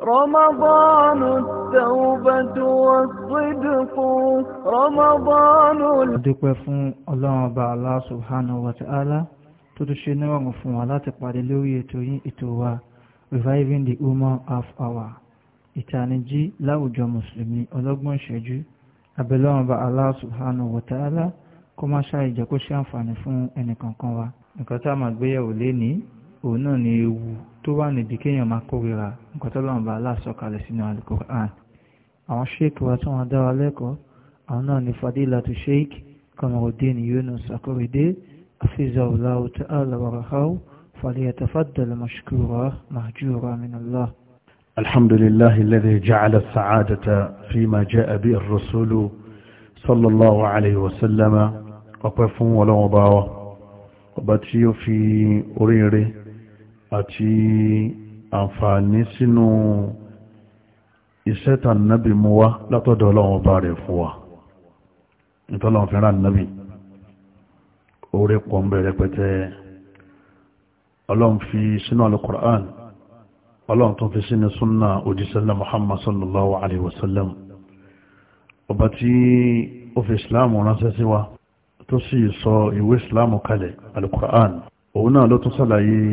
رمضان التوبة والصدق رمضان adúpẹ́ fún Ọlọ́run Ọba Allah subhanahu wa ta'ala tó tún ṣe nírọ̀rùn fún wa reviving the human half hour ìtànìjí láwùjọ mùsùlùmí ọlọ́gbọ̀n ìṣẹ́jú abẹ́lọ́run Ọba Allah subhanahu kó má ṣàìjẹ́ kó ṣe àǹfààní fún ẹnìkankan wa nǹkan tá a máa gbéyẹ̀wò lénìí òun náà ni ewu tó wà níbi kéèyàn máa kórìíra nǹkan tó lọ́nà bá aláṣọkalẹ̀ sínú alukur'an àwọn sheik wa tí wọ́n dá lẹ́kọ̀ọ́ àwọn náà ni fadilatu sheik kamarudin yunus akoride afizahullahu ta'ala wa rahaw فليتفضل مشكورا مهجورا من الله الحمد لله الذي جعل السعادة فيما جاء به الرسول صلى الله عليه وسلم ọpẹ́ fún ọlọ́wọ́ bá wa ọba àti àǹfààní sínú iṣẹ́ tàn nábì mú wá látọ̀dọ̀ ọlọ́run ọba rẹ̀ fún wa ìtọ́lọ́run fẹ́ràn nábì orí pọ̀ ń bẹ̀rẹ̀ pẹ̀tẹ́ ọlọ́run fi sínú alukur'an ọlọ́run tó fi sínú súnà òjísẹ́lẹ̀ muhammad sallallahu alaihi wasallam ọba tí ó fi islam ránṣẹ́ sí wa tó sì sọ ìwé islam kalẹ̀ alukur'an òun náà ló tún sàlàyé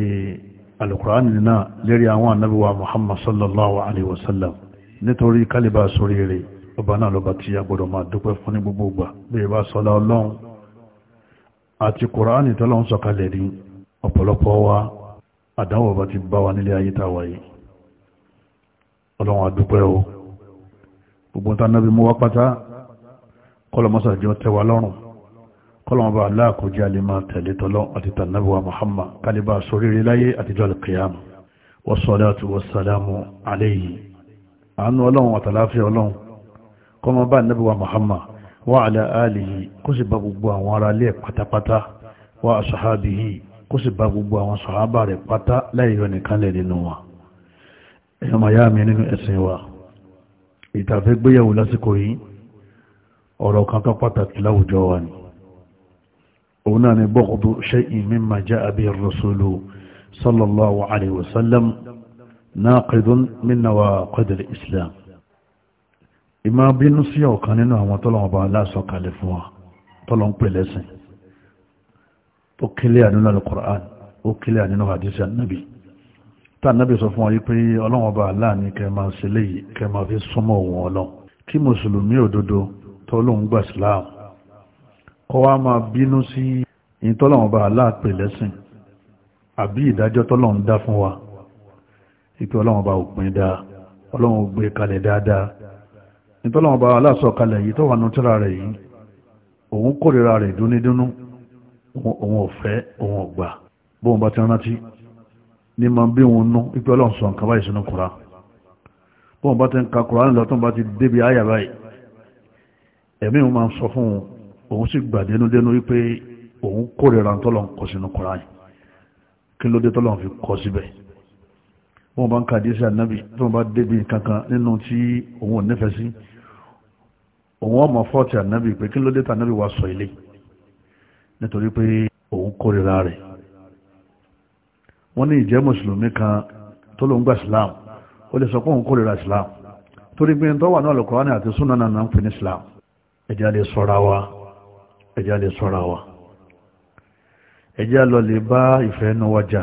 alukur'ani náà lérí àwọn ànábì wa muhammad sallallahu alaihi wasallam nítorí kálíbà sórí rẹ̀ ọba náà lọ́ba tí a gbọ́dọ̀ máa dúpẹ́ fún ní gbogbo ìgbà bí ìbá sọlá ọlọ́run àti kùránì tó lọ́n sọ̀kalẹ̀ rí ọ̀pọ̀lọpọ̀ wa àdánwò ọba ti bá wa nílé ayé táwa yìí ọlọ́run àdúpẹ́ o gbogbo ta náà bí mú wá pátá kọ́lọ́mọ́sàjọ́ tẹ́wa lọ́rùn kọ́lọ̀mọba aláàkójá lè máa tẹ̀lé tọ́lọ́ àti tànàbíwá Muhammad kálíbà sóríire láyé àtijọ́ alkiyama wassalatu wassalamu alayhi àánú ọlọ́run àtàláfíà ọlọ́run kọ́mọba anábíwá Muhammad wa ala alihi kó sì bá gbogbo àwọn ará ilé pátápátá wa asahabihi kó sì bá gbogbo àwọn sàhábà rẹ̀ pátá láì yọ nìkan lẹ̀ nínú wa ẹ̀yọ́ òun náà ni bọ́kùdù shay'in mimma ja'a bihi ar-rasulu sallallahu alayhi wa sallam naqidun min nawaqid al-islam ìmá bínú sí ọ̀kan nínú àwọn tọ́lọ̀wọ̀n bá aláṣọ kalẹ̀ fún wa tọ́lọ̀n pè lẹ́sìn ó kílẹ̀ nínú al-Qur'an ó kílẹ̀ nínú hadisi annabi tá annabi sọ fún wa yí pé ọlọ́wọ̀n bá aláàní kẹma sílẹ̀ yìí kẹma fi súnmọ́ òun ọlọ́ kí mùsùlùmí òdodo tọ́lọ́n gbà síláàmù kọ́ wá máa bínú sí ìtọ́lọ̀wọ̀n bá aláàpẹ̀ lẹ́sìn àbí ìdájọ́ tọ́lọ̀wọ̀n dá fún wa ìpé ọlọ́wọ̀n bá òpin dáa ọlọ́wọ̀n gbé kalẹ̀ dáadáa ìtọ́lọ̀wọ̀n bá aláàsọ kalẹ̀ yìí tọ́wà nú tíra rẹ̀ yìí òun kórìíra rẹ̀ dúnídúnú òun ọ̀fẹ́ òun ọ̀gbà bóun bá ti rántí ní ma bí òun nú ìpé ọlọ́wọ̀n sọ nǹkan báyìí sínú kura bóun bá ti ń ka kura nílọ tó ń bá ti débi áyà ẹ̀mí òun máa ń sọ fún òun òun sì gbà dénúdénú wípé òun kórìíra tọ́lọ̀ ń kọ sínú Kùránì kí ló dé tọ́lọ̀ ń fi kọ síbẹ̀ wọ́n bá ń ka díẹ̀ sí ànábì tí wọ́n bá débi kankan nínú tí òun ò nífẹ̀ẹ́ sí òun ọmọ fọ́ọ̀tì ànábì pé kí ló dé tànábì wá sọ ilé nítorí pé òun kórìíra rẹ̀ wọ́n ní ìjẹ́ mùsùlùmí kan tó ló ń gba Islam ó lè sọ pé òun kórìíra Islam torí pé ń tọ́wà náà lọ́kọ̀ọ́ àti súnà náà ń pè ní Islam ẹ̀jẹ̀ á lè sọ́ra wa ẹjá lè sọ́ra wa ẹjá lọ lè bá ìfẹ́ ẹnu wájà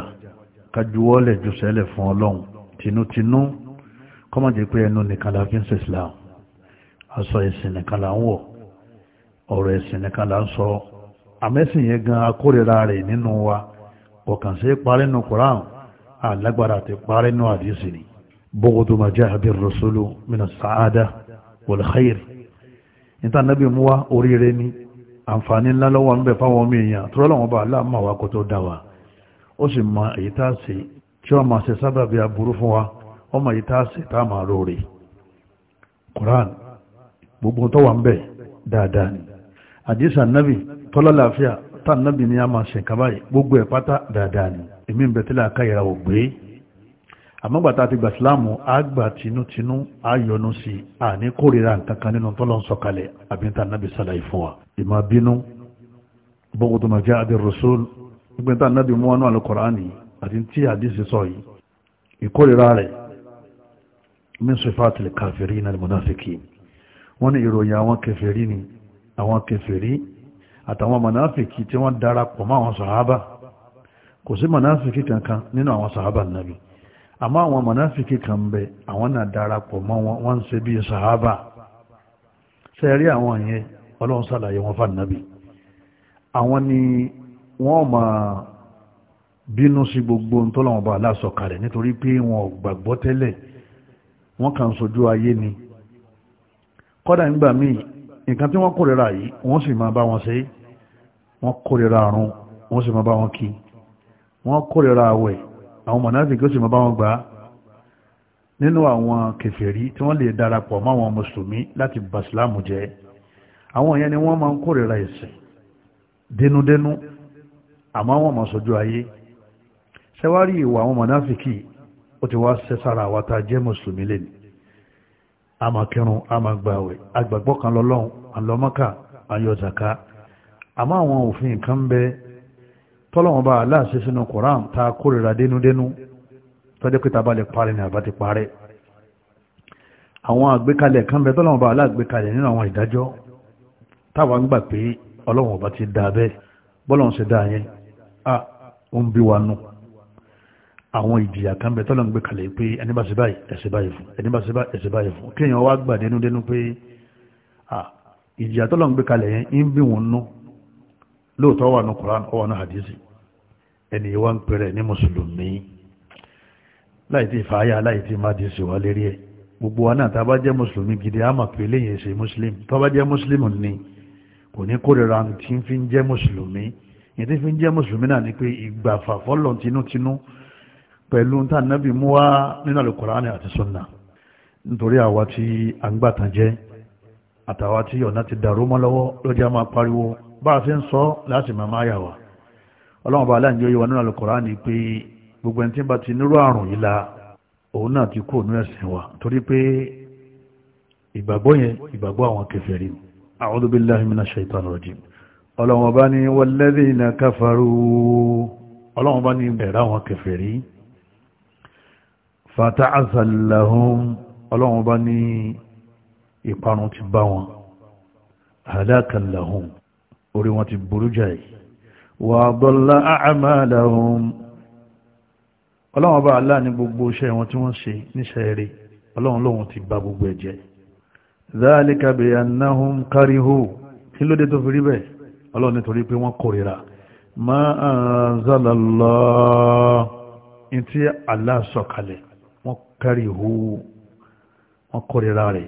kájúwọ́lẹ̀ jù sẹ́lẹ̀ fún ọlọ́run tinútinú kọ́mọ̀ jẹ́ pé ẹnu nìkan la fi ń ṣe Islam aṣọ ẹ̀sìn nìkan la ń wọ̀ ọ̀rọ̀ ẹ̀sìn nìkan la ń sọ àmẹ́sìn yẹn gan akórira rẹ̀ nínú wa ọ̀kàn sí parẹ́ nù Quran alágbára ti parẹ́ nù àdìsí ni bọ́gọ́dù àbí rọ̀ṣọ́lù mìíràn sàádà wal khair níta nábì mú oríire ni àǹfààní ńlá lọ́wọ́ ń bẹ fáwọn ọmọ èèyàn tó rọ́lọ́wọ́n bá aláàmà wa kò tó dá wa ó sì mọ èyí tá a ṣe tí wọ́n máa ṣe sábàbí aburú fún wa wọ́n mọ èyí tá a ṣe tá a máa lóore Quran gbogbo tó wà ń bẹ dáadáa ni àdísà nábì tọ́lá làáfíà tá nábì ni a máa ṣe kábàáyé gbogbo ẹ̀ pátá dáadáa ni èmi ń bẹ tí làákàyè ra ò gbé àmọ́gbàtà ti gbà síláàmù àgbà tinútinú àyọnu sí i àní kórìíra nǹkan kan nínú tọ́lọ́ ń sọ̀kalẹ̀ àbíntà nábì sàlàyé fún wa ìmọ̀ bínú bọ́kú tó máa jẹ́ àbí rasul ìgbẹ́ntà nábì mú wọnú alukọ̀ránì àti tí àdísì sọ yìí ìkórìíra rẹ̀ min sifati lè kàfẹ́rí náà lè mọ̀náfíkì wọ́n ní ìròyìn àwọn kẹfẹ́rí ni àwọn kẹfẹ́rí àtàwọn mọ̀náfíkì tí wọ́n darapọ̀ mọ́ àwọn sàhábà kò sí mọ̀náfíkì kankan nínú àwọn sàhábà nábì àmọ́ àwọn mọ̀náfíkì kan bẹ àwọn náà darapọ̀ mọ́ wọn wọ́n ń ṣe bí sàhábà ṣe rí àwọn yẹn ọlọ́run sàlàyé wọn fànàbí àwọn ni wọ́n máa bínú sí gbogbo ń tọ́lọ́wọ́n bá aláṣọ kalẹ̀ nítorí pé wọn ò gbàgbọ́ tẹ́lẹ̀ wọ́n kàn sojú ayé ni kọ́dà nígbà míì nǹkan tí wọ́n kórìíra yìí wọ́n sì máa bá wọn ṣe wọ́n kórìíra àrùn wọ́n sì máa bá wọn kí wọ́n kórìíra àwẹ̀ àwọn mọ̀náfíkì ó sì mọ́ bá wọn gbà á nínú àwọn kèfèrí tí wọ́n lè darapọ̀ máwọn mùsùlùmí láti bàṣìláàmù jẹ́ àwọn yẹn ni wọ́n máa ń kórìíra ẹ̀sìn dénúdénú àmọ́ wọ́n máa sojú ayé ṣẹwárí ìwà àwọn mọ̀náfíkì ó ti wá ṣẹ́ sára jẹ́ mùsùlùmí lẹ́nu àmà kírun àgbàgbọ́ kan lọ́lọ́run àlọ́mọ́kà àyọ̀zàká àmọ́ àwọn òfin kan bẹ́ẹ̀ tọ́lọ́wọ́n bá aláṣẹ sínú koran ta kórìíra dénúdénú tọ́jọ́ pé tabalẹ̀ parẹ́ ní àbá ti parẹ́ àwọn àgbékalẹ̀ kan bẹ tọ́lọ́wọ́n bá aláàgbékalẹ̀ nínú àwọn ìdájọ́ táwọn gbà pé ọlọ́wọ́n bá ti dá bẹ́ẹ̀ bọ́lọ́wọ́n ṣe dá yẹn a ó ń bí wa nù àwọn ìjìyà kan bẹ tọ́lọ́wọ́n gbé kalẹ̀ pé ẹni bá ṣe báyìí ẹ̀ṣẹ̀ báyìí fún kéèyàn wá gbà dénúdénú pé a ìjìyà tọ́lọ́wọ́n gbé kalẹ̀ yẹn ń bí wọn nù lóòótọ́ wà nù koran ó nù hadisi ẹni ìwà ń pẹ̀rẹ̀ ní mùsùlùmí láì tí fàáyà láì tí má ti sì wá lérí ẹ̀ gbogbo wa náà tàbá jẹ́ mùsùlùmí gidi a mọ̀ pé léyìn ṣe mùsùlùm tọ́bá jẹ́ mùsùlùm ni kò ní kórìíra tí fi ń jẹ́ mùsùlùmí ìtí fi ń jẹ́ mùsùlùmí náà ni pé ìgbà fàfọ́lọ̀ tinútinú pẹ̀lú tá nábì mú wá nínú àlùkùránì àti sunna nítorí àwa tí a ń gbàtàn jẹ́ àtàwa tí ọ̀nà ti dàrú mọ́ lọ́wọ́ ló máa pariwo bá a fi ń sọ láti máa máa yà wá ọlọ́run bá aláǹjẹ́ yóò yẹ wa nínú alukọ̀rá ni pé gbogbo ẹni tí bá ti nírú àrùn yìí la òun náà ti kú òun ẹ̀sìn wa torí pé ìgbàgbọ́ yẹn ìgbàgbọ́ àwọn kèfèrí a'udhu billahi minash shaitanir rajim ọlọ́run bá ní walladhina kafaru ọlọ́run bá ní ẹ̀rá àwọn kèfèrí fata'azal lahum ọlọ́run bá ní ìparun ti bá wọn halakan orí wọn ti burú jáì وضل أعمالهم ọlọ́run ọba aláà ní gbogbo iṣẹ́ wọn tí wọ́n ṣe níṣẹ́ rẹ̀ ọlọ́run lóhun ti bà gbogbo ẹ̀ jẹ́ ذَلِكَ بِأَنَّهُمْ كَرِهُوا kí ló dé tó fi rí bẹ́ẹ̀ ọlọ́run nítorí pé wọ́n kórìíra مَا أَنزَلَ اللَّهُ in tí aláà sọ̀kalẹ̀ wọ́n كَرِهُوا wọ́n kórìíra rẹ̀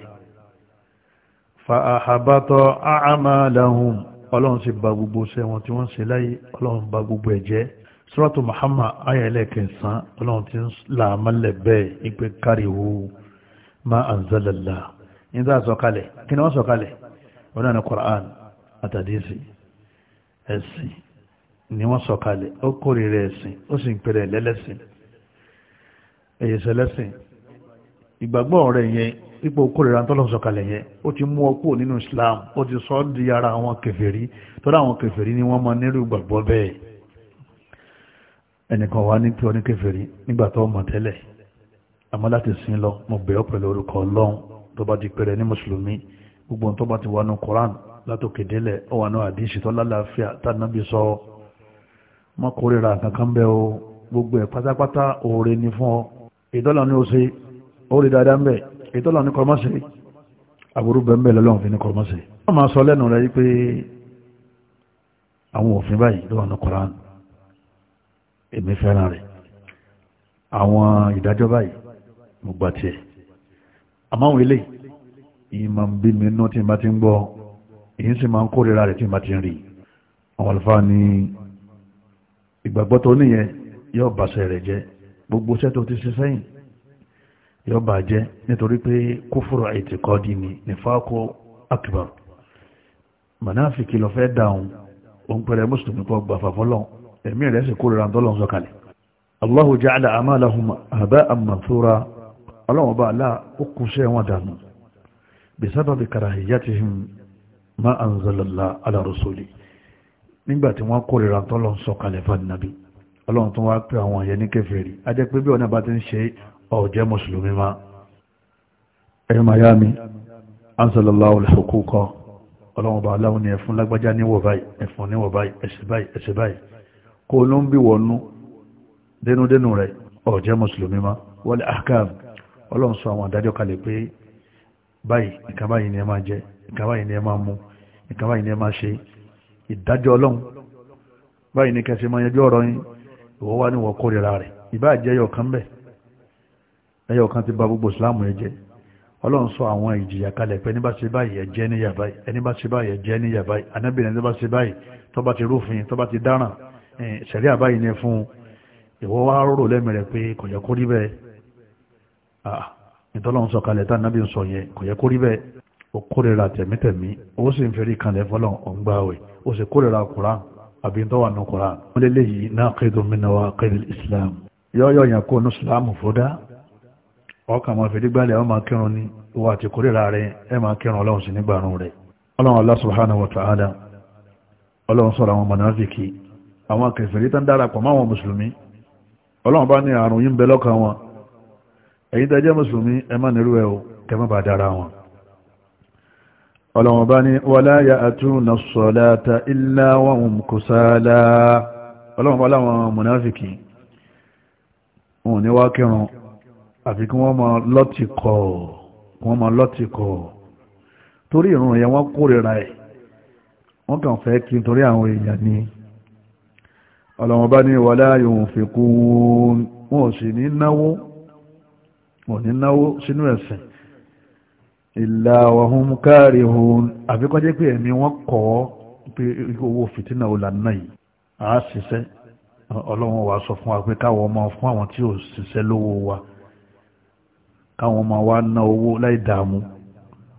ọlọ́run sì ba gbogbo ṣẹ́ wọn tí wọ́n ṣe láyé ọlọ́run ba gbogbo ẹ̀jẹ́ suratu Muhammad aya ẹlẹ́kẹsàn ọlọ́run ti ń là á mọ́lẹ̀ bẹ́ẹ̀ ipe káríwó ma anzalala ní tá a sọ̀kalẹ̀ kí ni wọ́n sọ̀kalẹ̀ wọn náà ní Qur'an àtàdésì ẹ̀sìn ni wọ́n sọ̀kalẹ̀ ó kórìíra ẹ̀sìn ó sì ń pèrè lẹ́lẹ́sìn ẹ̀yẹsẹ̀lẹ́sìn ìgbàgbọ́ rẹ̀ yẹn ipò kórìíra tó lọ́sọ̀ kalẹ̀ yẹn ó ti mú ọ kúrò nínú Islam ó ti sọ di ara àwọn kèfèrí tọ́lá àwọn kèfèrí ni wọ́n máa nírú gbàgbọ́ bẹ́ẹ̀ ẹnìkan wà ní pé ọ ní kèfèrí nígbà tó mọ̀ tẹ́lẹ̀ àmọ́ láti sin lọ mo bẹ̀ ọ́ pẹ̀lú orúkọ Ọlọ́run tó bá ti pẹ̀rẹ̀ ní mùsùlùmí gbogbo tó bá ti wà ní Koran látòkè délẹ̀ ó wà ní àdíṣì tó lálàáfíà tànàbí sọ má kórìíra kankan bẹ́ o gbogbo ẹ̀ pátápátá oore ni fún ọ ìdọ́là ni ó ṣe oore dáadáa ń bẹ̀ ètò ọlọ́run ní kọ́mọ́sẹ̀ àbúrú bẹ́ẹ̀ lọ́lọ́run fi ní kọ́mọ́sẹ̀ wọ́n máa sọ lẹ́nu rẹ̀ pé àwọn òfin báyìí ló wà ní koran èmi fẹ́ràn rẹ̀ àwọn ìdájọ́ báyìí mo gbà tiẹ̀ àmọ́ àwọn eléyìí ìmọ̀ ń bí mi nú tí n bá ti ń gbọ́ èyí sì máa ń kórìíra rẹ̀ tí n bá ti ń rí àwọn àlùfáà ní ìgbàgbọ́ tó níyẹn yóò bàṣẹ rẹ̀ jẹ́ gbogbo iṣẹ́ ti ṣe sẹ́yìn yóò bàjẹ́ nítorí pé kúfùrù àìtìkọ́dì ni nífàkó akbar manáfìkì lọ fẹ́ dáhùn òun pẹ̀lẹ́ mùsùlùmí kọ́ gbà fàfọ́lọ́ ẹ̀mí rẹ̀ sì kúrò rántọ́lọ́ sọ̀kalẹ̀ Allahu ja'ala amalahum haba'an manthura ọlọ́wọ́n bá aláà ó kú sí ẹ̀wọ̀n dànù bisababi karahiyatihim ma anzalalla ala rasuli nígbà tí wọ́n kúrò rántọ́lọ́ sọ̀kalẹ̀ fún nàbí ọlọ́run tó wá pé àwọn ẹ̀yẹ ní kèfèrí a jẹ́ pé bí ọ̀nà bá ti ń ṣe ọ̀jẹ́ mùsùlùmí ma ẹ̀yọ́ miami ansalallahu alhukukọ ọlọ́mọba aláwọn ni ẹ̀fún lágbájá níwọ̀ báyìí ẹ̀fún níwọ̀ báyìí ẹ̀sẹ̀ báyìí ẹ̀sẹ̀ báyìí kó ló ń bí wọnú dénúdénú rẹ̀ ọ̀jẹ́ mùsùlùmí ma wal ahkam ọlọ́run sọ àwọn àdájọ́ kalẹ̀ pé báyìí nǹkan báyìí ni ẹ máa jẹ nǹkan báyìí ni ẹ máa mu nǹkan báyìí ni ẹ máa ìbá àjẹyọ̀ kan bẹ́ẹ̀ ẹyọ kan ti ba gbogbo Islamu ẹ jẹ́ ọlọ́run sọ àwọn ìjìyà kalẹ̀ pé ẹni bá ṣe báyìí ẹ jẹ níyà báyìí ẹni bá ṣe báyìí ẹ jẹ níyà báyìí anábìnrin ẹni bá ṣe báyìí tó bá ti rúfin tó bá ti dáràn ṣẹ̀rí àbáyìí ni fún ìwọ wá rò lẹ́mìí rẹ̀ pé kò yẹ kó rí bẹ́ẹ̀ ah ìtọ́lọ́run sọ kalẹ̀ tá nábì ń sọ yẹn kò yẹ kó rí bẹ́ẹ̀ ó kórìíra tẹ̀mítẹ̀mí ó sì ń fẹ́rí kalẹ̀ fọlọ́n ọ̀ngbàwẹ̀ ó sì islam yọ́ọ́yọ́ yẹn kó ní islam fúdá ọkàn máa fìdí gbálẹ̀ ọ máa kírun ní ìwà àti kórìíra rẹ ẹ máa kírun ọlọ́run sí nígbàrún rẹ ọlọ́run Allah subhanahu wa ta'ala ọlọ́run sọ̀rọ̀ àwọn mọ̀nàfíkì àwọn kèfèrí tán dárapọ̀ máwọn mùsùlùmí ọlọ́run bá ní àrùn yín bẹ lọ́kàn wọn èyí tẹ́ jẹ́ mùsùlùmí ẹ má nílùú ẹ̀ o kẹ́ má bá dára wọn ọlọ́run bá ní wala ya'tuna àfi kí wọ́n máa lọ́tì kọ̀ kí wọ́n máa lọ́tì kọ̀ torí ìrun yẹn wọ́n kórìíra ẹ̀ wọ́n kàn fẹ́ kí n torí àwọn èèyàn ni ọlọ́wọ́n bá ní wala yunfiqun wọn ò sì ní náwó wọn ò ní náwó sínú ẹ̀sìn illa wahum karihun àfi kọ́ jẹ́ pé ẹ̀mí wọ́n kọ̀ pé owó fìtínà ò lànà yìí àá ṣiṣẹ́ ọlọ́wọ́n wa sọ fún wa pé káwọn ọmọ fún àwọn tí ò ṣiṣẹ́ lówó wa káwọn ọmọ wa ná owó láì dààmú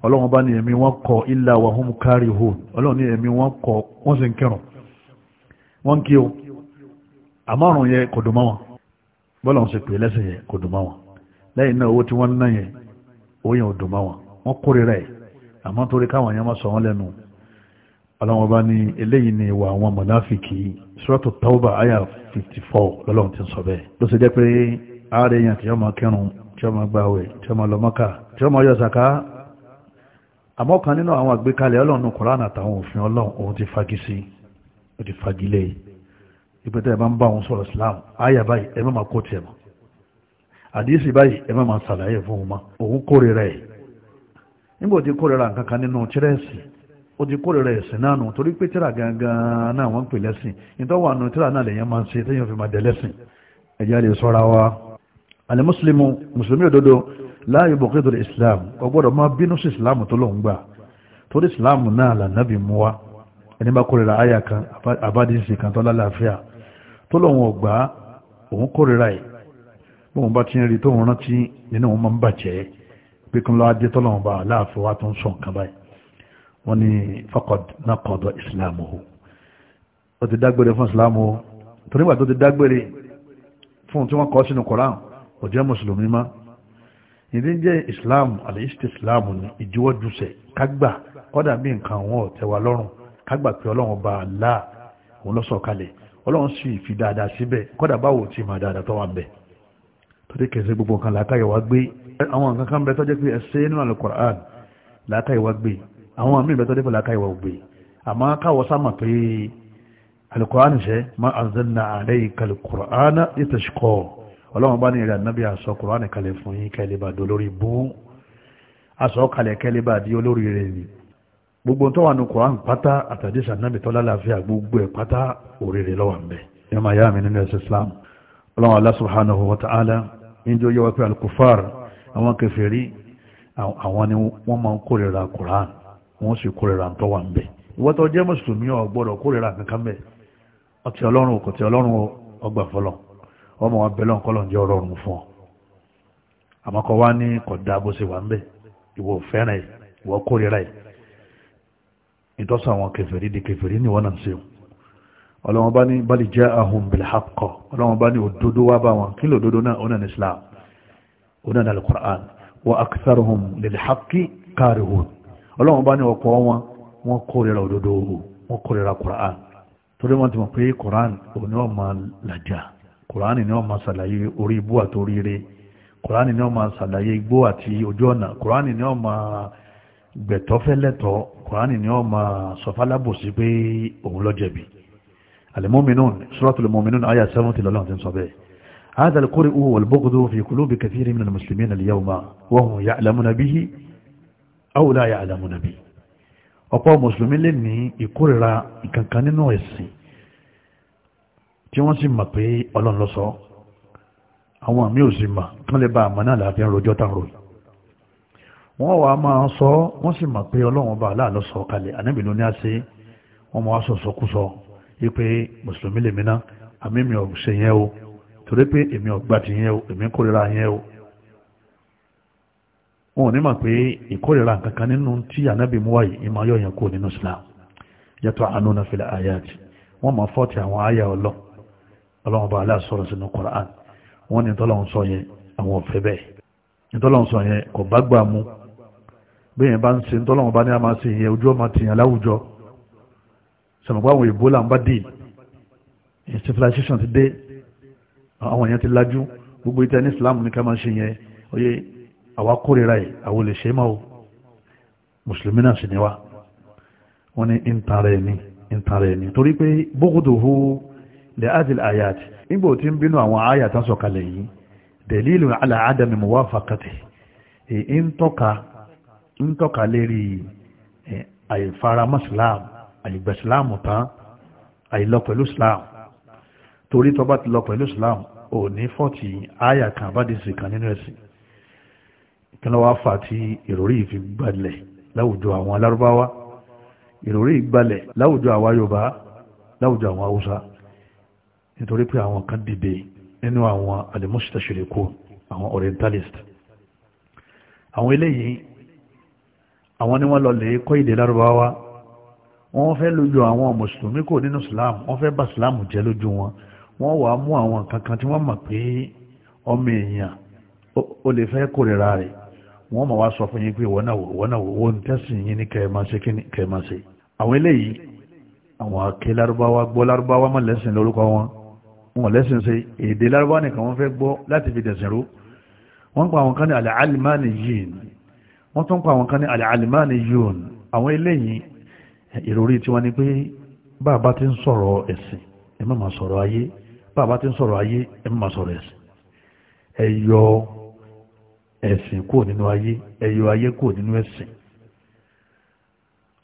ọlọ́run bá ní ẹ̀mí wọn kọ illa wa hum karihun ọlọ́run ní ẹ̀mí wọn kọ wọ́n sì ń kírun wọ́n kí o àmọ́rùn yẹ kò dùn mọ́ wọn bọ́lá ń ṣe pè lẹ́sìn yẹ kò dùn mọ́ lẹ́yìn náà owó tí wọ́n ná yẹn owó yẹn ò dùn mọ́ wọ́n kórìíra ẹ̀ àmọ́ torí káwọn yẹn máa sọ wọ́n lẹ́nu ọlọ́run bá ní eléyìí ni ìwà àwọn mọ̀láfìkì suratu tauba aya 54 lọ́lọ́run ti sọ bẹ́ẹ̀ ló ṣe jẹ́ pé ààrẹ yẹn kì í ọmọ kírun tí ọmọ gbàwẹ̀ tí ọmọ lọ́mọ́kà tí ọmọ yọ sàká àmọ́ kan nínú àwọn àgbékalẹ̀ ọlọ́run kùránà àtàwọn òfin ọlọ́run òun ti fagi sí ó ti fagilé ìpẹ́tẹ́ ẹ̀ bá ń bá òun sọ̀rọ̀ Islam ayà báyìí ẹ má máa kó tiẹ̀ mọ́ àdísì báyìí ẹ má máa ṣàlàyé fún òun mọ́ òun kórìíra ẹ̀ nígbà ó ti kórìíra nǹkan kan nínú tírẹ́ẹ̀sì ó ti kórìíra ẹ̀sìn náà nù torí pé tíra gangan náà wọ́n ń pè lẹ́sìn ìtọ́wọ́ àánú tíra náà lèyàn máa ń ṣe téèyàn fi máa dẹ̀ lẹ́sìn ẹ̀jẹ̀ lè sọ́ra wa àní mùsùlùmí mùsùlùmí òdodo láàyè bọ̀kẹ́ torí islam ọgbọ́dọ̀ máa bínú sí islam tó lọ́n gbà torí islam náà lànàbì mú wa ẹni bá kórìíra àyà kan àbádìsí kan tó lálàáfíà tó lọ́wọ́n ọgbà òun kórìíra ẹ̀ bóun bá ti ń rí tóun rántí nínú òun máa ń bàjẹ́ pé kí n lọ adé tọ́lọ́wọ́n bá aláàfin wa tó ń sọ̀n kan báyìí wọ́n ní faqad naqada islamuhu ó ti dágbére fún islamu torí wà tó ti dágbére fún tí wọ́n kọ́ sínú koran kò jẹ́ mùsùlùmí má ìdí ń jẹ́ islam àlèyíṣẹ́ islam ní ìjíwọ́júṣẹ́ kágbà kọ́dà bí nǹkan àwọn ọ̀tẹ̀wà lọ́rùn kágbà pé ọlọ́run bá Allah òun ló sọ̀kalẹ̀ ọlọ́run sì fi dáadáa síbẹ̀ kọ́dà báwo tí máa dáadáa tó wà ń bẹ̀ torí kẹsẹ̀ gbogbo nǹkan làákàyè wá gbé àwọn nǹkan kan bẹ tọ́jẹ́ pé ẹsẹ̀ nínú alukur'an làákàyè wá gbé àwọn àmì ìbẹ̀tọ́ dẹ́fẹ̀ làákàyè wá gbé àmọ́ káwọ́ sáà ọlọ́run bá ní ìrìn ànábì àsọ kùránì kalẹ̀ fún yín kẹlẹ́bà di olórí bú àsọ kalẹ̀ kẹlẹ́bà di olórí rẹ̀ ni gbogbo tó wà ní kùránì pátá àtàdísà ànábì tó lálàáfíà gbogbo ẹ̀ pátá òrèrè lọ́wọ́ ń bẹ̀. ẹ máa yá mi nínú ẹ̀sìn Islam ọlọ́run Allah subhanahu wa ta'ala ní jọ yẹ wá pé alukufar àwọn kèfèrí àwọn ni wọ́n máa ń kórìíra kùránì wọ́n sì kórìíra tó wà ń bẹ̀ ìwọ́tọ̀ ọmọ wa bẹ̀lọ́ kọ́lọ̀ jẹ́ ọrọ̀rùn fún ọ àmọ́kọ wá ní kọ̀dá bó ṣe wà ń bẹ̀ ìwọ fẹ́ràn ẹ̀ ìwọ kórìíra ẹ̀ ìtọ́sọ àwọn kèfèrí di kèfèrí ní wọ́n náà ṣe ọlọ́wọ́n bá ní bali ja'ahum bil haqq ọlọ́wọ́n bá ní òdodo wá bá wọn kí ló dodo náà onan islam onan al-Qur'an wa aktharuhum lil haqqi karihun ọlọ́wọ́n bá ní ọ̀pọ̀ wọn wọn kórìíra òdodo wọn kórìíra Qur'an torí wọn ti mọ̀ pé Qur'an òní ọ̀ máa làjà kùránì ni wọ́n máa ṣàlàyé orí ibú àti oríire kùránì ni wọ́n máa ṣàlàyé igbó àti ojú ọ̀nà kùránì ni wọ́n máa gbẹ̀tọ́fẹ́lẹ́tọ́ kùránì ni wọ́n máa sọfálábòsí pé òun ló alimominun suratul muminun aya 70 lọ́lọ́run ti sọ bẹ́ẹ̀ هذا القرء والبغض في قلوب كثير من المسلمين اليوم وهم يعلمون به أو لا يعلمون به ọ̀pọ̀ mùsùlùmí lè ní ìkórìíra ìkankan nínú ẹ̀sìn tí wọ́n sì mọ̀ pé ọlọ́run ló sọ àwọn àmì ò sì mọ̀ kán lè bá àmọ́ náà láàfin rojọ́ tán ròyìn wọ́n wàá máa sọ wọ́n sì mọ̀ pé ọlọ́run bá aláàlọ́ sọ kalẹ̀ ànábì ló ní àṣẹ wọ́n máa sọ sọkúsọ wípé mùsùlùmí lèmi ná àmì mi ò ṣe yẹn o torí pé èmi ò gbà ti yẹn o èmi kórìíra yẹn o wọn ò ní mọ̀ pé ìkórìíra kankan nínú tí ànábì mú wáyé ìmọ̀ ayọ̀ yẹn kó nínú Islam yàtọ̀ àánú náà fìlà àyà àti wọ́n máa fọ́ọ̀tì àwọn àyà ọlọ́run ọlọ́run bá aláṣọ́rọ̀ sínú Qur'an wọ́n ní tọ́lọ́run sọ yẹn àwọn ọ̀fẹ́ bẹ́ẹ̀ ní tọ́lọ́run sọ yẹn kò bá gbà mú bẹ́ẹ̀ bá ń ṣe ní tọ́lọ́run bá ní a máa ṣe yẹn ojú ọmọ tìyàn láwùjọ sọ̀rọ̀ pé àwọn ìbò ń bá dì civilization ti dé àwọn èèyàn ti lajú gbogbo ìtẹ́ ní Islam ní ká máa ṣe yẹn oyè àwa kórìíra ẹ̀ àwọn olè ṣe é máa o mùsùlùmí náà sì ni wá wọ́n ní ìntàrẹ̀ ẹni ìntàrẹ̀ ẹni torí pé bókòtò hó lè áti àyàt nígbò tí ń bínú àwọn àyà tán sọ̀kalẹ̀ yìí dẹ̀lílù aláàdámi mọ̀ wá fàkàtì ń tọ́ka ń tọ́ka lérí àìfaramọ́ islam àìgbẹ̀ islam tán àìlọ pẹ̀lú islam torí tó ti kan àbádìsí kan ti irori kí ló wá fà tí nítorí pé àwọn kan dìde nínú àwọn alimusitashiriko àwọn orientalist àwọn eléyìí àwọn ni wọ́n lọ lè kọ́ èdè lárúbáwá wọ́n fẹ́ lójú àwọn mùsùlùmí kò nínú islam wọ́n fẹ́ bà islam jẹ́ lójú wọn wọ́n wàá mú àwọn kankan tí wọ́n mọ̀ pé ọmọ èèyàn ó lè fẹ́ kórìíra rẹ̀ wọ́n mọ̀ wá sọ fún yín pé wọ́n náà wọ́n náà wọ́n tẹ́sìn yín ní kẹ́ẹ̀máṣe kẹ́ẹ̀máṣe àwọn eléyìí àwọn akẹ́ lárúbáwá gbọ́ lárúbáwá mọ̀ lẹ́sìn lórúkọ wọn wọn lẹ́sìn ṣe èdè lárúbá nìkan wọ́n fẹ́ gbọ́ láti fi dẹ̀sìn ró wọ́n pa àwọn kan ní alàálìmáàni yìí wọ́n tún pa àwọn kan ní alàálìmáàni yìí àwọn eléyìí ìròrí tí wọ́n ní pé bàbá ti ń sọ̀rọ̀ ẹ̀sìn ẹ má máa sọ̀rọ̀ ayé bàbá ti ń sọ̀rọ̀ ayé ẹ má sọ̀rọ̀ ẹ̀sìn ẹ ẹ̀sìn kúrò nínú ayé ẹ ayé kúrò nínú ẹ̀sìn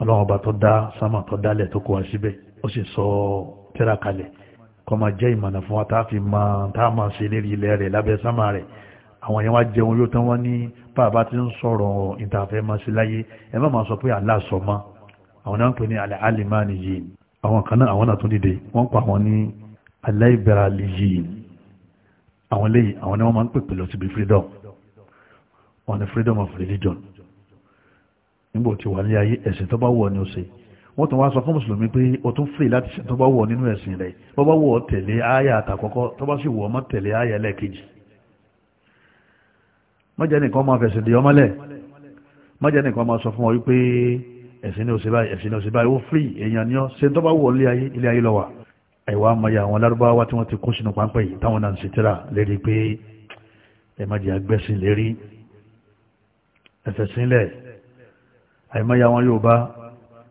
ọlọ́run ọba tó dá sámà tó dálẹ̀ tó kó wa síbẹ̀ ó sì sọ tẹ́ra kalẹ̀ kọ́má jẹ́ ìmọ̀nà fún wa tá a fi mọ tá a máa ṣe lérí ilẹ̀ rẹ̀ lábẹ́ sámà rẹ̀ àwọn yẹn wá jẹun yóò tán wọ́n ní bàbá tí ń sọ̀rọ̀ ìtàfẹ́ máa ṣe láyé ẹ má máa sọ pé Allah sọ mọ́ àwọn náà ń pè ní al-alimani yìí àwọn kan náà àwọn náà tún dìde wọ́n pa àwọn ní aláìbẹ̀rẹ̀lì yìí àwọn lẹ́yìn àwọn náà wọ́n máa ń pèpè lọ síbi freedom wọ́n ní freedom of religion nígbà tí wà ní ayé ẹ̀sìn tó bá wù ọ́ ni ó ṣe wọ́n tún wá sọ fún mùsùlùmí pé o tún free láti ṣe tó bá wọ̀ nínú ẹ̀sìn rẹ̀ tó bá wọ̀ tẹ̀lé àyà àtàkọ́kọ́ tó bá sì wọ̀ ọmọ tẹ̀lé àyà ẹlẹ́ẹ̀kejì mọ́jẹ́ nìkan máa fẹ̀sìn dè ọmọlẹ̀ mọ́jẹ́ nìkan máa sọ fún ọ wípé ẹ̀sìn ní òsì báyìí ẹ̀sìn ní òsì báyìí ó free èèyàn ni ọ́ ṣe tó bá wọ̀ ilé ayé lọ́wà àìwá amáyà àwọn lárúbáwá tí wọ́n ti kó sínú páńpẹ́ yìí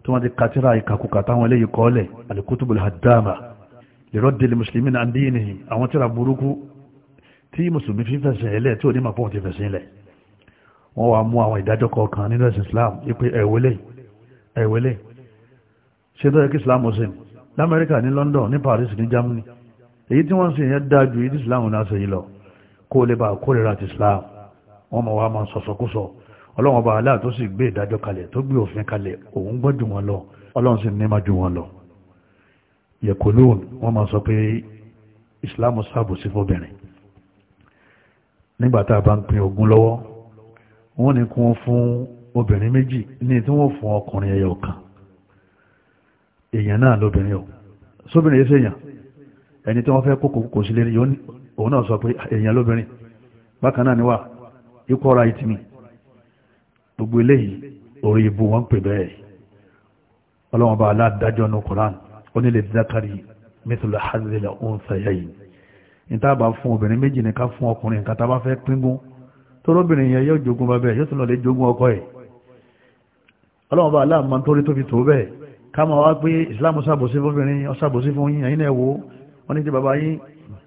tí wọ́n ti kàtírà ìkàkùkà táwọn eléyìí kọ́ọ̀lẹ̀ alikutubul hadama lèrọ́dẹ̀lì mùsùlùmí náà dín ní àwọn tíra burúkú tí mùsùlùmí fi fẹ̀sẹ̀ ẹlẹ̀ tí ò ní màpọ̀ ti fẹ̀sẹ̀ ẹlẹ̀ wọ́n wá mú àwọn ìdájọ́ kọ̀ọ̀kan nínú ẹ̀sìn Islam ipe ẹ̀wẹ́lẹ̀ ẹ̀wẹ́lẹ̀ ṣe tó yẹ kí Islam muslim lamẹ́ríkà ní London ní Paris ní Germany èyí tí wọ́n sìn yẹn dájú èyí Islam náà ṣe lọ kó lè bá kórìíra ti ọlọ́run ọba aláà tó sì gbé ìdájọ́ kalẹ̀ tó gbé òfin kalẹ̀ òun gbọ́ jù wọn lọ ọlọ́run sì ní ma jù wọn lọ yẹ̀kọ́lóhùn wọ́n máa sọ pé ìsìláàmù sáàbù sí fóbìnrin nígbà tá a bá ń pin ogun lọ́wọ́ wọ́n ní kí wọ́n fún obìnrin méjì ní tí wọ́n fún ọkùnrin ẹyọ kan èèyàn náà lóbìnrin o sóbìnrin yìí sèèyàn ẹni tí wọ́n fẹ́ kókò kò sí lérí òun náà sọ pé èèyàn lóbìnrin bákan náà ni wà ikú ọ̀rọ̀ àìtìmí gbogbo eléyìí orí ibu wọn pè bẹ́ẹ̀ ọlọ́wọ́n bá aláàdájọ́ ní koran onílẹ̀ zakari mithla hazila unsayayi ní tá a bá fún obìnrin méjì ní ká fún ọkùnrin nǹkan tá a bá fẹ́ pínpín tọ́lọ́bìnrin yẹn yóò jogun bàbá ẹ̀ yóò tún lọ lè jogun ọkọ ẹ̀ ọlọ́wọ́n bá aláàmọ́ torí tó fi tó bẹ́ẹ̀ ká máa wá pé ìsìláàmù ṣàbòsí fún obìnrin ọṣàbòsí fún yín ẹ̀yin náà wò ní ti bàbá yín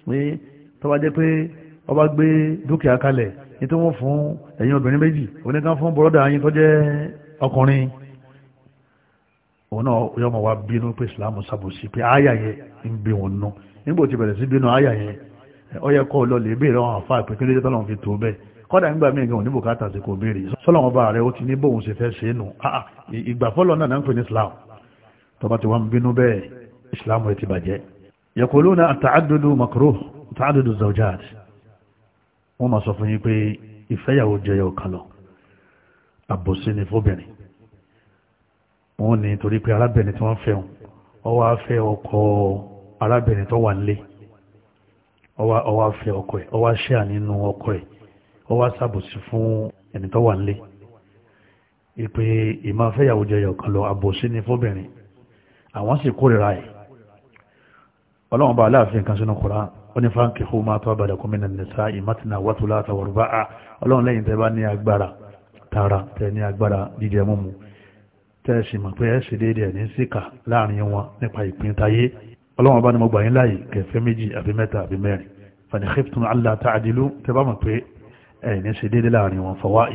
pé tọ́wá jẹ́ pé ọba gbé dúkìá kalẹ̀ ní tó wọ́n fún ẹ̀yin obìnrin méjì oníkan fún bọ́rọ́dà yín tó jẹ́ ọkùnrin òun náà yọmọ wa bínú pé ìsìláàmù sàbòsí pé àyà yẹn ń bí wọn nú nígbà tí bẹ̀rẹ̀ sí bínú àyà yẹn ó yẹ kọ́ lọ lè béèrè àfa ìpín kílódé tọ́lọ́run fi tó bẹ́ẹ̀ kọ́dà ń gbà mí gan oníbò káàtà sí kò béèrè sọ́lọ́run bá rẹ̀ ó ti ní bóun ṣe fẹ́ ṣe é nù ah, ah, ìgbà fọ́lọ́ náà ń pè ní islam tọba ti wá bínú bẹ́ẹ̀ islam rẹ̀ ti bàjẹ́ yaquluna àtàdúdú wọ́n máa sọ fún yín pé ìfẹ́yàwó jẹyọ kan lọ àbòsí ni fóbìnrin wọ́n ní torí pé arábìnrin tí wọ́n fẹ́ wọn ó wá fẹ́ ọkọ arábìnrin tó wà nílé ó wá fẹ́ ọkọ ẹ̀ ó wá ṣẹ́à nínú ọkọ ẹ̀ ó wá fún ẹni tó wà nílé ìpè ìmọ̀ fẹ́yàwó jẹyọ kan àbòsí ni fóbìnrin àwọn sì kórìíra ẹ̀ ọlọ́run bá aláàfin kan sínú Kùránì onífàǹkìhù máa tọ́ bẹ̀rẹ̀ kúmínà nìsá ìmátìnà wàtúlá àtàwọ̀rùbá à ọlọ́run lẹ́yìn tẹ́ bá ní agbára tààrà tẹ́ ní agbára jíjẹ múmu tẹ́ sì mọ̀ pé ẹ̀sì déédéé ní síkà láàrin wọn nípa ìpín tayé ọlọ́run bá ní mo gbà yín láàyè kẹfẹ́ méjì àbí mẹ́ta àbí mẹ́rin fani khiftum alla ta'dilu tẹ́ bá mọ̀ pé ẹ̀ ní sì déédéé láàrin wọn fọwọ́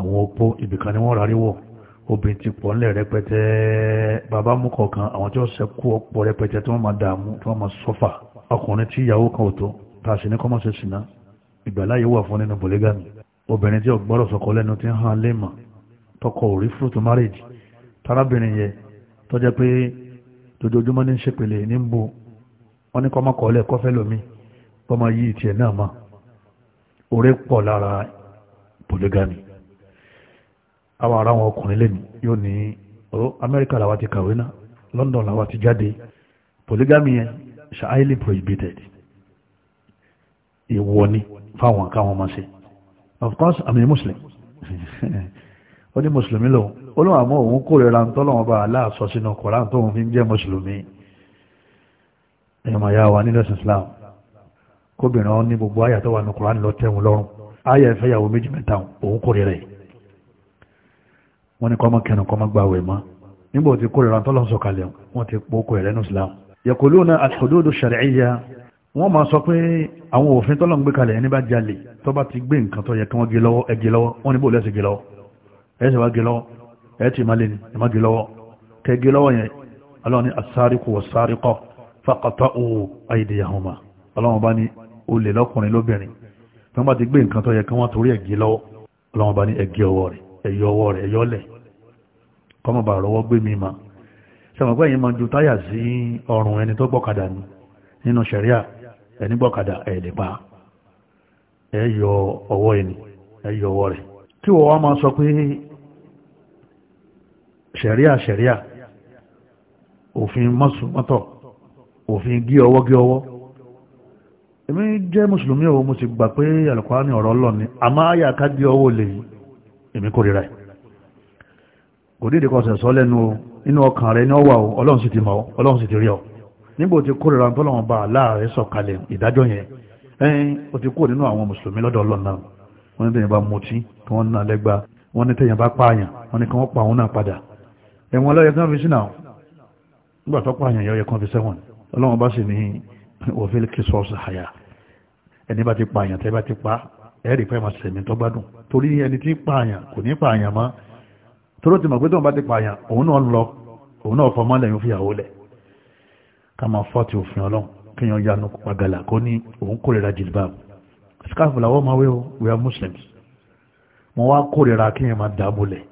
àwọn opó ibìkan ni wọ́n rárí wọ̀ obìnrin ti pọ̀ ńlẹ̀ rẹpẹtẹ bàbá mú kọ̀ọ̀kan àwọn tí wọ́n sẹ́kù ọ̀pọ̀ rẹpẹtẹ tí wọ́n máa dààmú tí wọ́n máa sọ́fà ọkùnrin tí ìyàwó kan ò tó ta sí ní kọ́mọ̀sẹ̀ ìgbàláyé wà fún nínú obìnrin tí ọgbọ́rọ̀ sọkọ lẹ́nu ti ń tọkọ ò rí fruit marriage tarábìnrin yẹ pé dojoojúmọ́ ní ṣèpele ní ń bo wọ́n ní àwọn ará wọn ọkùnrin lẹ́nu yóò ní ọ amẹ́ríkà làwa ti kàwé náà london làwa ti jáde polygamy yẹn is highly prohibited ìwọ ni fáwọn káwọn máa ṣe of course i'm a muslim ó ní mùsùlùmí lòun ó lóun àmọ́ òun kórìíra tọ́lọ́wọ́n bá aláàsọ sínú koran tóun fi ń jẹ́ mùsùlùmí ẹ̀yọ́mọ̀ ya wa nílẹ̀ islam kóbìnrin ọ ní gbogbo àyà wà ní koran lọ tẹ̀wọ̀n lọ́rùn àyà méjì mẹ́ta òun kórìíra yìí wọ́n ní kọ́mọ kẹrin kọ́mọ gba àwẹ̀ mọ́ nígbà tí kó ìrántọ́ lọ́n sọ̀kalẹ̀ wọ́n ti pokò ẹ̀rẹ́ ní islam yaquluna al-hududu shar'iyya wọ́n máa sọ pé àwọn òfin tọ́lọ̀ ń gbé kalẹ̀ ẹni bá jalè tó bá ti gbé nǹkan tó yẹ kí wọ́n gé lọ́wọ́ ẹ gé lọ́wọ́ wọ́n ní bò gé lọ́wọ́ ẹ ti má lé ní ọwọ́ rẹ̀ ẹ lẹ̀ kọ́mọ̀ bá rọwọ́ gbé mi ma sẹ́mọ̀gbẹ́ yìí máa ju táyà sí ọrùn ẹni tó gbọ́kadà ní nínú ṣẹ̀ríà ẹni gbọ́kadà ẹ̀lẹ́ pa ẹ yọ ọwọ́ ẹni ẹ yọ ọwọ́ rẹ̀ tí wọ́n wá máa sọ pé ṣẹ̀ríà ṣẹ̀ríà òfin mọ́sùmọ́tọ̀ òfin gí ọwọ́ gí ọwọ́ èmi jẹ́ mùsùlùmí o mo sì gbà pé Al-Kùránì ọ̀rọ̀ Ọlọ́run ni àyà ká gí ọwọ́ lè yìí èmi kórìíra ẹ̀ kò ní ìdíkọ̀ sẹ̀sọ́ lẹ́nu o nínú ọkàn rẹ̀ ní ọwà o ọlọ́run sì ti mọ̀ ọlọ́run sì ti rí ọ níbo ti kórìíra tọ́lọ́run bá láàrẹ sọ̀kalẹ̀ ìdájọ́ yẹn ẹ̀yìn o ti kó nínú àwọn mùsùlùmí lọ́dọ̀ ọlọ́run náà wọ́n ní tẹ̀yìn bá mutí kí wọ́n ná lẹ́gba wọ́n ní tẹ̀yìn bá pààyàn wọ́n ní kí wọ́n pa òun náà padà ẹ̀wọ̀n lọ́yẹ kan fi sínú àwọn nígbà tó pààyàn yọ yẹ kan fi sẹ́wọ̀n ọlọ́run bá tóró ti mọ̀ pé tóun bá ti pààyàn òun náà lọ òun náà fọmọ lẹ́yìn fi àwọ̀ lẹ̀ ká máa fọ́ ti òfin ọlọ́run kí yan yanu pàgàlà kó ní òun kórìíra jilbab scarf làwọ́ máa wé o we are muslims wọ́n wá kórìíra kí yẹn máa dàbò lẹ̀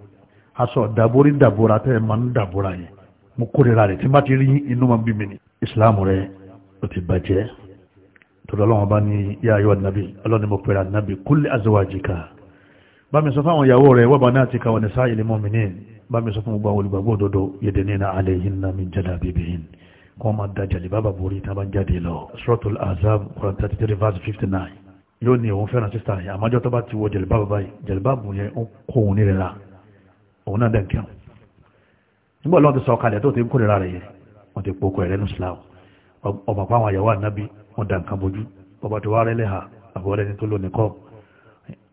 aṣọ dàbórí dàbóra tẹ́ ẹ máa ń dàbóra yẹn mo kórìíra rẹ̀ tí bá ti rí inú máa bí mi ni islam rẹ̀ ó ti bàjẹ́ tọ́lọ́wọ́n bá ní yá ayọ́ ọlọ́ni mo pèrè ànàbì bá mi sọ fáwọn ìyàwó rẹ̀ wọ́n bá náà ti kàwọn nìsá ilé mọ́mìnì bá mi sọ fún gbogbo àwọn olùgbàgbọ́ òdodo yẹ̀dẹ̀ nínú alẹ́ yìí nínú mi jẹ́dà bíbí yìí kọ́ máa dájà lè bábà borí tán jáde lọ suratul azab quran thirty òun fẹ́ràn sísá rẹ̀ àmájọ́ tó bá ti wọ jẹ̀lẹ̀bá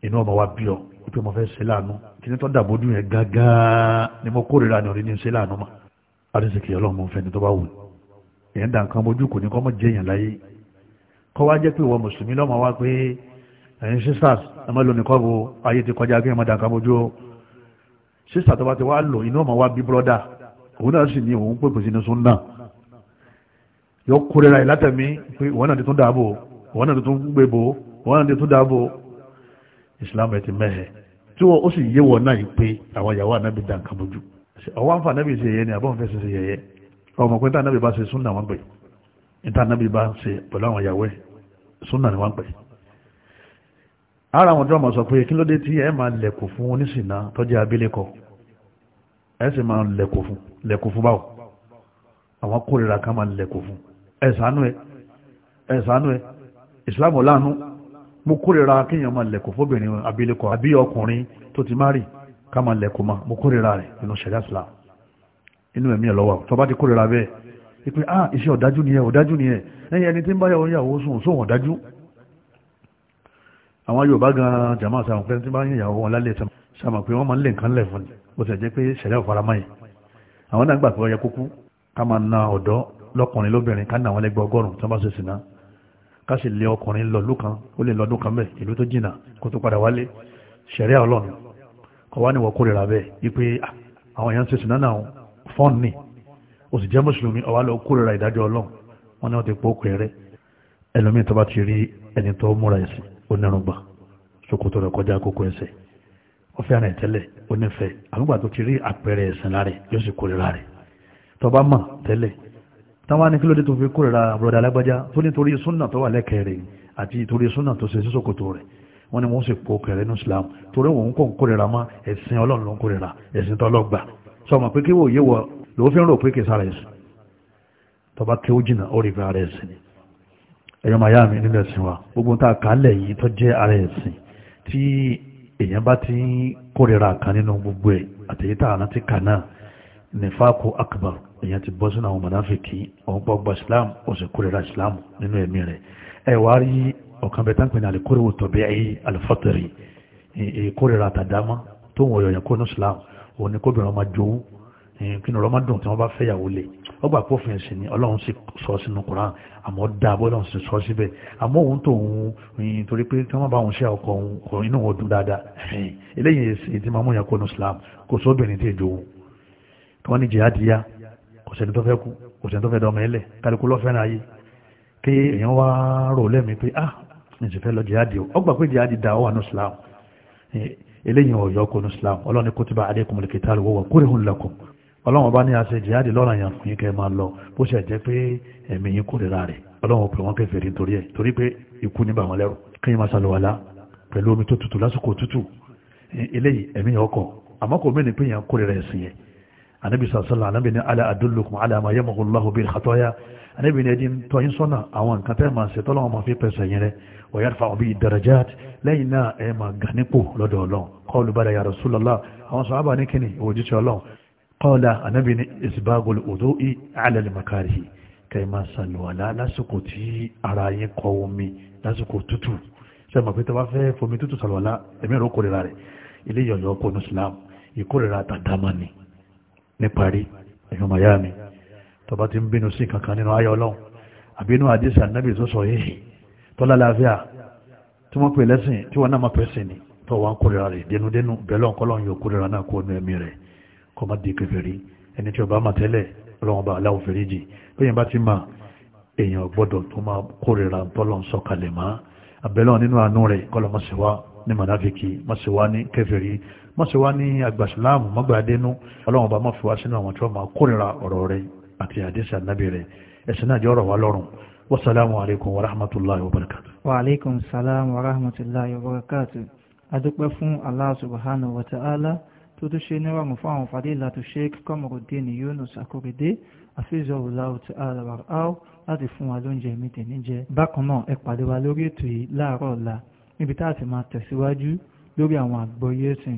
inú ọmọ wa bí ọ ó pé mo fẹ́ ṣe láàánú kí ni tó dàbójú yẹn gángan ni mo kórìíra ni orí ní ṣe láàánú ma àdìsíkì ọlọ́run mo fẹ́ ni tó bá wù èèyàn dà nǹkan bójú kò ní kọ́ mọ́ jẹ́ èèyàn láyé kọ́ wá jẹ́ pé ìwọ mùsùlùmí lọ́mọ wá pé ẹ̀yin sisters ẹ má lò ní kọ́ bo ayé ti kọjá kí ẹ má dà nǹkan bójú o sísà tó bá ti wá lò inú ọmọ wa bí brọ́dà òun náà sì ní òun pèpè sínú sún náà yọ kórìíra ìlátẹ̀mí pé ìwọ islam ẹ̀ ti mẹ́hẹ̀ tí wọ́n ó sì yé wọ náà yìí pé àwọn ìyàwó ànábì dà nǹkan bójú ọwọ́ àǹfà ànábì ṣe yẹ ni àbọ̀n fẹ́ ṣe yẹyẹ ọmọ pé tánábì bá ṣe súnà wọn pè ìtànábì bá ṣe pẹ̀lú àwọn ìyàwó ẹ̀ súnà ni wọ́n pè ara àwọn dọ́mọ̀ sọ pé kí ló dé tí ẹ máa lẹ̀kù fún oníṣìnà tọ́jú abílékọ ẹ sì máa lẹ̀kù fún lẹ̀kù fún báwò àwọn kórìíra kan máa lẹ̀kù fún ẹ̀sánú ẹ̀ ẹ̀sánú ẹ̀ ìsìlámù láàánú mo kórìíra kéèyàn máa lẹ̀kọ̀ fóbìnrin abilékọ àbí ọkùnrin tó ti má rì ká máa lẹ̀kọ̀ ma mo kórìíra rẹ̀ nínú ṣẹ̀dá ìsìlá inú ẹ̀mí ẹ̀ lọ́wọ́ tó bá ti kórìíra bẹ́ẹ̀ ipe ah iṣẹ́ ọ̀dájú ni ẹ ọ̀dájú ni ẹ ẹ̀yìn ẹni tí ń bá yàwó yàwó sùn sóhun ọ̀dájú àwọn Yorùbá gan jama sàmù pé tí bá ń yàwó wọn lálẹ́ sàmù pé wọ́n máa ń lè nǹkan lẹ̀ fún ni ká sì lé ọkùnrin lọ lókan ó lè lọ́dún kan bẹ́ẹ̀ ìlú tó jìnnà kó tó padà wálé ṣẹ̀ríà ọlọ́run kọ̀ wá níwọ̀ kórìíra bẹ́ẹ̀ wípé àwọn èèyàn ṣe sùnánà fọ́ọ̀n ni ó sì jẹ́ mùsùlùmí ọ̀wá lọ kórìíra ìdájọ́ ọlọ́run wọn ni wọ́n ti pọ̀ ókè rẹ ẹlòmíì tó bá ti rí ẹni tó múra ẹ̀sìn onírùngbà ṣòkòtò rẹ̀ kọjá kókó ẹsẹ̀ ó fẹ́ ara ìtẹ́lẹ̀ tánwà ní kí ló dé tó fi kórìíra àbúrọ̀dà alágbájá tó ní torí súnà tó wà lẹ́kẹ̀ẹ́rẹ́ àti torí súnà tó ṣe sísòkòtò rẹ̀ wọ́n ní wọ́n sì po kẹ̀rẹ́ ní Islam torí wọ́n kò ń kórìíra mọ́ ẹ̀sìn ọlọ́run ló ń kórìíra ẹ̀sìn tó lọ́gbà sọ ma pé kí wòye wọ lòó fi ń rò pé kì í sára ẹ̀sìn tó bá kí ó jìnà ó rí fi ara ẹ̀sìn ni ẹ̀yọ́ màá yá mi nílẹ̀ ẹ̀sìn wa gbogbo tá a kà á lẹ̀ yìí tó jẹ́ ara ẹ̀sìn tí èèyàn bá ti ń kórìíra kan nínú gbogbo ẹ̀ àtẹ̀yítà àná ti kà náà nífàkù akbar èyàn ti bọ́ sínú àwọn mọ̀náfíkì òun pọ̀ gba islam ó sì kórìíra islam nínú ẹ̀mí rẹ̀ ẹ wá rí ọ̀kan bẹ́ẹ̀ tán pé ní alikóríwò tọ̀bí ayé alifọ́tẹ̀rì ìkórìíra àtàdámá tó ń wọ̀yọ̀ yẹn kó ní islam òun ni kóbìnrin ọmọ jowú kí ni ọlọ́mọ dùn tí wọ́n bá fẹ́ yàwó lé ó gbà pófin ẹ̀sìn ni ọlọ́run sì sọ sínú koran àmọ́ dá bọ́lọ́run sì sọ síbẹ̀ àmọ́ òun tó òun torí pé tí wọ́n bá òun ṣe ọkọ òun inú òun dùn dáadáa eléyìí èsì tí máa yẹn kó ní islam kò sóbìnrin tí èjò òun tó wọ́n ní jihadi ya kò sẹ́ni tó fẹ́ kú kò sẹ́ni tó fẹ́ dọ́mọ ẹlẹ̀ kálukú lọ́fẹ́ náà yé kí èèyàn wá rò lẹ́mi pé ah ní sì fẹ́ lọ jihadi o ọgbà pé jihadi da ọwà ní islam eléyìí ọ̀yọ́ kò ní islam ọlọ́ni kutiba alaykumul qital wa kurihun lakum ọlọ́run bá ní àṣẹ jihadi lọ́rọ̀ yàn fún yín kẹ́ máa lọ bó ṣe jẹ́ pé ẹ̀mí yín kórìíra rẹ̀ ọlọ́run pè wọ́n kèfèrí torí ẹ̀ torí pé ikú ní bàwọn lẹ́rù kí yín máa ṣàlùwàlá pẹ̀lú omi tó tutù lásìkò tutù eléyìí ẹ̀mí yàn ọkọ̀ àmọ́ kò mí ní pé yàn kórìíra ẹ̀sìn yẹn anabi sàlọ́sọ́lá anabi ní ala adullukum ala ma yamhu Allahu bil khataya anabi ní ẹdín tọ́yín sọ́nà àwọn nǹkan tẹ́ máa ṣe tọ́lọ́wọ́n máa fi pẹ̀sẹ̀ yẹn rẹ wa yarfa'u bi darajat lẹ́yìn náà ẹ máa gà nípò lọ́dọ̀ ọlọ́run qalu bala ya rasulallah àwọn sàhábà ní kíni òjíṣẹ́ ọlọ́run qala anabi ní isbagul wudu'i ala al makarihi kẹ́ máa ṣàlùwàlá lásìkò tí ara yín kọ omi lásìkò tútù ṣe mọ̀ pé tó bá fẹ́ fomi tútù ṣàlùwàlá ẹ̀mí ìró kórìíra rẹ̀ ilé yọ̀yọ̀ kọ́nù islam ìkórìíra tàdámà ni níparí ẹ̀yọ́ miami tó bá ti ń bínú sí kankan nínú ayọ́ ọlọ́run àbínú àdísì ànábì tó sọ yìí tó lálàáfíà tí wọ́n pè lẹ́sìn tí wọ́n náà máa pẹ̀sìn ni tó wọ́n ń kórira rẹ̀ dénúdénú bẹ̀lọ́ ọ̀kọ́lọ́run yóò kórira náà kó nu ẹ̀mí rẹ̀ kó má di kèfèrí ẹni tí ọba máa tẹ́lẹ̀ ọlọ́run bá aláwọ̀ fèrèjì lóyìn bá ti máa èèyàn gbọ́dọ̀ tó máa kórira tọ́lọ́n sọ̀kalẹ̀ mọ́ àbẹ̀lọ́ nínú àánú rẹ̀ kọ́lọ́ mọ́sẹ̀ wá ní àgbà ìsìláàmù mọ́gbàdénú ọlọ́run bá mọ́ fi wá sínú àwọn tí wọ́n máa kórìíra ọ̀rọ̀ rẹ̀ àti àdísì ànábì rẹ̀ ẹ̀sìn náà jọ́rọ̀ wá lọ́rùn wasalaamu alaykum wa rahmatulahi wa barakatu. wa alaykum salaam wa rahmatulahi wa barakatu. a dúpẹ́ fún allah subhanahu wa ta'ala tó tó ṣe níwàmù fún àwọn fàdílà tó sheikh Qamaruddin Yunus Akorede afizahullahu ta'ala warau láti lórí àwọn àgbọ́yé ẹ̀sìn